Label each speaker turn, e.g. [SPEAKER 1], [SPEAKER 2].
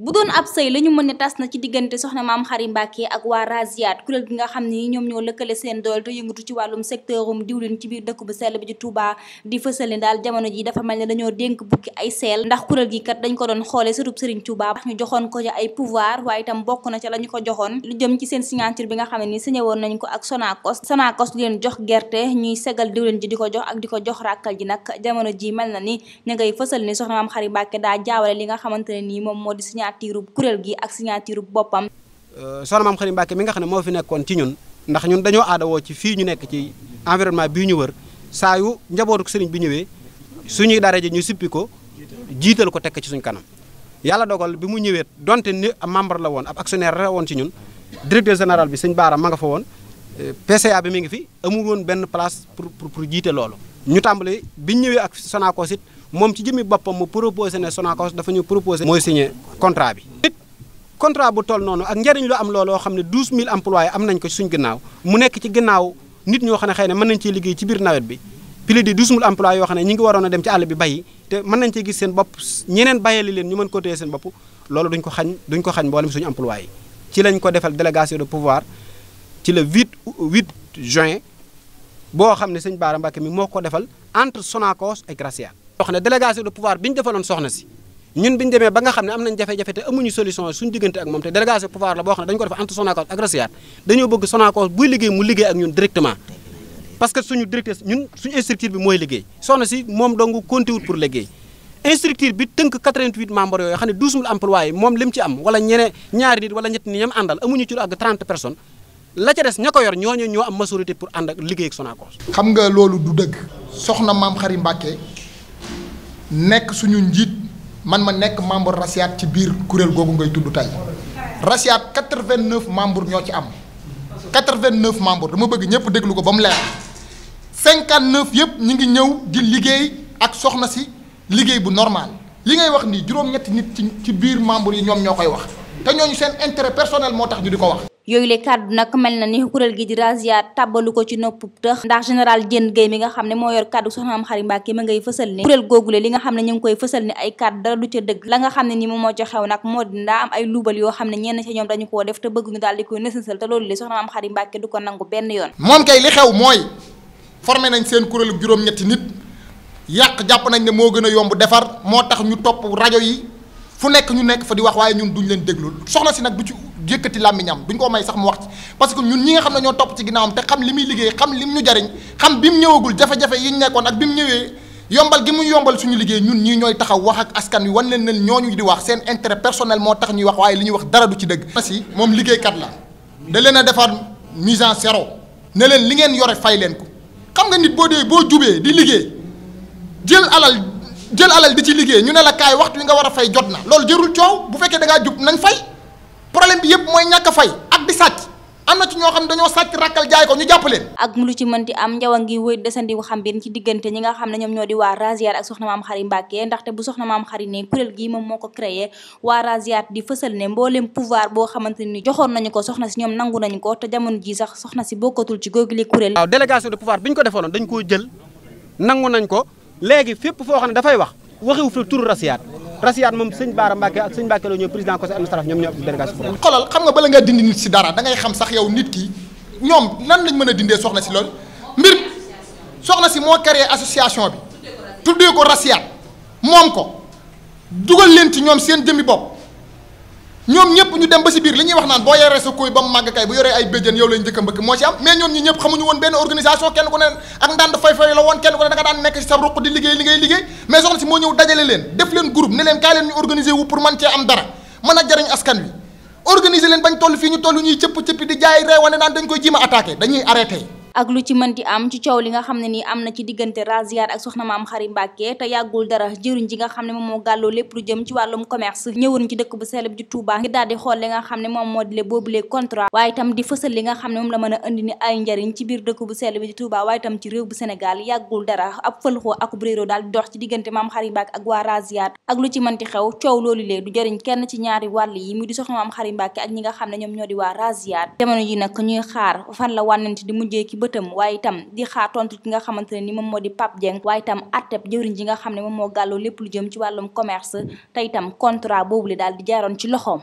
[SPEAKER 1] bu doon ab sëy la ñu mën ni tas na ci diggante soxna maam xari Mbàkke ak waa Raziat kuréel gi nga xam ne ñoom ñoo lëkkale seen doole te yëngatu ci wàllum secteurum diwlin ci biir dëkk bu sell bi di Touba di fësal ne daal jamono ji dafa mel ne dañoo dénk bukki ay seel ndax kuréel gi kat dañ ko doon xoole surub Serigne ñu joxoon ko ay pouvoir waaye itam bokk na ca la ñu ko joxoon lu jëm ci seen signature bi nga xam ne ni signé woon nañ ko ak Sonacos Sonacos di leen jox gerte ñuy segal diwlin ji di ko jox ak di ko jox ràkkal ji nag jamono ji mel na ni ña ngay fësal ni soxna maam xari Mbàkke daa jaawale li nga xamante ne nii moom moo di signature signature kuréel gi ak signature boppam.
[SPEAKER 2] Euh, soxna maam Xari Mbàkke mi nga xam ne moo fi nekkoon ci ñun ndax ñun dañoo aadawoo ci fii ñu nekk ci environnement bii ñu wër saa yu njabootu sëriñ bi ñëwee suñuy dara ji ñu sippi ko jiital ko tekk ci suñ kanam yàlla dogal bi mu ñëwee donte ni membre la woon ab actionnaire la woon ci ñun directeur général bi sëñ Baara ma nga fa woon euh, PCA bi mi ngi fi amul woon benn place pour pour jiite loolu. ñu tàmbali bi ñu ñëwee ak Sonacos it moom ci jëmmi boppam mu proposé ne Sonacos dafa ñu proposé. mooy signé contrat bi. nit contrat bu toll noonu ak njëriñ lu am looloo xam ne 12000 employés am nañ ko suñ gannaaw mu nekk ci gannaaw nit ñoo xam ne xëy na mën nañ ciy liggéey ci biir nawet bi. plus de 12000 emplois yoo xam ne ñu ngi waroon a dem ci àll bi bayi te mën nañ cee gis seen bopp ñeneen li leen ñu mën ko téye seen bopp loolu duñ ko xañ duñ ko xañ mboolem suñu emplois ci lañ ko defal délégation de pouvoir ci le 8 8 juin boo xam ne sëñ Baara Mbacke mi moo ko defal entre Sonacos ak wax ne délégation de pouvoir bi ñu defaloon soxna si ñun bi ñu demee ba nga xam ne am nañ jafe-jafe te amuñu solution suñu diggante ak moom te délégation pouvoir la boo xam ne dañu ko def entre Sonacos ak Rasiaat dañoo bëgg Sonacos buy liggéey mu liggéey ak ñun directement parce mooy liggéey soxna si moom dong compté wut pour liggéey instructeur bi tënk 88 membres yooyu xam ne 12000 employés moom lim ci am wala ñene ñaari nit wala ñett ni ñam àndal amuñu ci lu àgg 30 personnes la ca ko yor
[SPEAKER 3] ñooñu ñoo am majorité pour ànd ak liggéey ak Sonacos. xam nga loolu du dëgg soxna maam Xari Mbàkke nekk suñu njiit man ma nekk membre RACIAT ci biir kuréel googu ngay tudd tay tey vingt 89 membres ñoo ci am 89 membres dama bëgg ñëpp déglu ko ba mu leer 59 yëpp ñu ngi ñëw di liggéey ak soxna si liggéey bu normal li ngay wax nii juróom-ñetti nit ci ci biir membres yi ñoom ñoo koy wax te ñooñu seen intérêt personnel moo tax ñu di ko wax
[SPEAKER 1] yooyu le kàddu nag mel na ni kuréel gi di Razia tàbbalu ko ci nopp tëx ndax général Diène Gueye mi nga xam ne moo yor kàddu soxna am xari Mbàkke ngay fësal ne kuréel googule li nga xam ne ñu ngi koy fësal ne ay kàddu dara du ca dëgg la nga xam ne ni moom moo ca xew nag moo di ndaa am ay luubal yoo xam ne ñenn ca ñoom dañu koo def te bëgg ñu daal di koy nësësal te loolu le soxna am xari Mbàkke du ko nangu benn yoon
[SPEAKER 3] moom kay li xew mooy formé nañ seen kuréelu juróom-ñetti nit yàq jàpp nañ ne moo gën a yomb defar moo tax ñu topp rajo yi fu nekk ñu nekk fa wax waaye ñun duñ leen déglu soxna si nag yëkkati làmmiñam duñ ko may sax mu wax ci parce que ñun ñi nga xam ne ñoo topp ci ginnaawam te xam li muy liggéey xam mu ñu jariñ xam bi mu ñëwagul jafe-jafe yi ñu nekkoon ak bi mu ñëwee yombal gi mu yombal suñu liggéey ñun ñii ñooy taxaw wax ak askan wi wan leen ñoo ñu di wax seen intérêt personnel moo tax ñuy wax waaye li ñuy wax dara du ci dëgg. si moom liggéeykat la da leen a defar mise en zéro ne leen li ngeen yore fay leen ko xam nga nit boo dee boo jubee di liggéey jël alal jël alal di ci liggéey ñu ne la kaay waxtu wi nga war a fay jot na loolu jërul coow bu fekkee da jub nañ fay problème bi yëpp mooy ñàkk a fay ak di sàcc am na ci ñoo xam ne dañoo sàcc rakkal jaay ko ñu jàpp leen
[SPEAKER 1] ak mu lu ci mënti am njaw ngi wéy desandi wu xam biir ci diggante ñi nga xam ne ñoom ñoo di waa Rasiaat ak soxna maam xari Mbàkke ndaxte bu soxna maam xari ne kuréel gii moom moo ko créé waa Rasiaat di fësal ne mboolem pouvoir boo xamante ni joxoon nañu ko soxna si ñoom nangu nañu ko te jamono ji sax soxna si
[SPEAKER 2] bokkatul ci góogile kuréel waaw délégation de pouvoir bi ñu ko defoon koo jël nangu nañ ko léegi fépp foo xam ne dafay wax waxiwu fi turu Rasiaat rasiyaat moom sëñ Baara Mbacke ak sëñ Mbacke la ñëw président
[SPEAKER 3] conseil administratif ñoom ñoo am délégation xoolal xam nga bala ngaa dindi nit si dara da xam sax yow nit ki ñoom nan lañ mën a dindee soxna si loolu mbir soxna si moo créé association bi tuddee ko rasiyaat moom ko dugal leen ci ñoom seen jëmmi bopp ñoom ñëpp ñu dem ba si biir li ñuy wax naan boo yoree sa koy ba mu màgg kay bu yoree ay béjjën yow lañ njëkk a mbëkk moo si am mais ñoom ñi ñëpp xamuñu woon benn organisation kenn ku ne ak ndànd fay-fay la woon kenn ku ne da daan nekk si sa ruq di liggéey li liggéey mais soxna si moo ñëw dajale leen def leen groupe ne leen kaay leen ñu organiser wu pour man cee am dara mën a jariñ askan wi organiser leen bañ toll fii ñu toll ñuy cëpp cëppi dañ koy
[SPEAKER 1] ak lu ci mënti am ci coow li nga xam ne nii am na ci diggante Raziane ak soxna maam Xari Mbàkke te yàggul dara jëriñ ji nga xam ne moom moo gàlloo lépp lu jëm ci wàllum commerce ñëwoon ci dëkk bu sell bi ci Touba ngir daal xool li nga xam ne moom moo di le boobule contrat waaye itam di fësal li nga a indi ni ay njariñ ci biir dëkk bu sell bi di Touba waaye itam ci réew bu Sénégal yàggul dara ab fëlxoo ak bréero daal di dox ci diggante maam Xari Mbàkke ak waa Raziane ak lu ci mënti xew coow loolu lee du jëriñ kenn ci ñaari wàll yi muy di soxna maam Xari Mbàkke ak ñi nga xam ne ñoom ñoo di waa Raziane jamono ji nag ñuy xaar fan la wànnante di mujjee bëtam waaye itam di xaar tontu ki nga xamante ne ni moom moo di Pape Dieng waaye itam atteb jëwriñ ji nga xam ne moom moo gàlloo lépp lu jëm ci wàllum commerce te itam contrat boobu li daal di jaaroon ci loxoom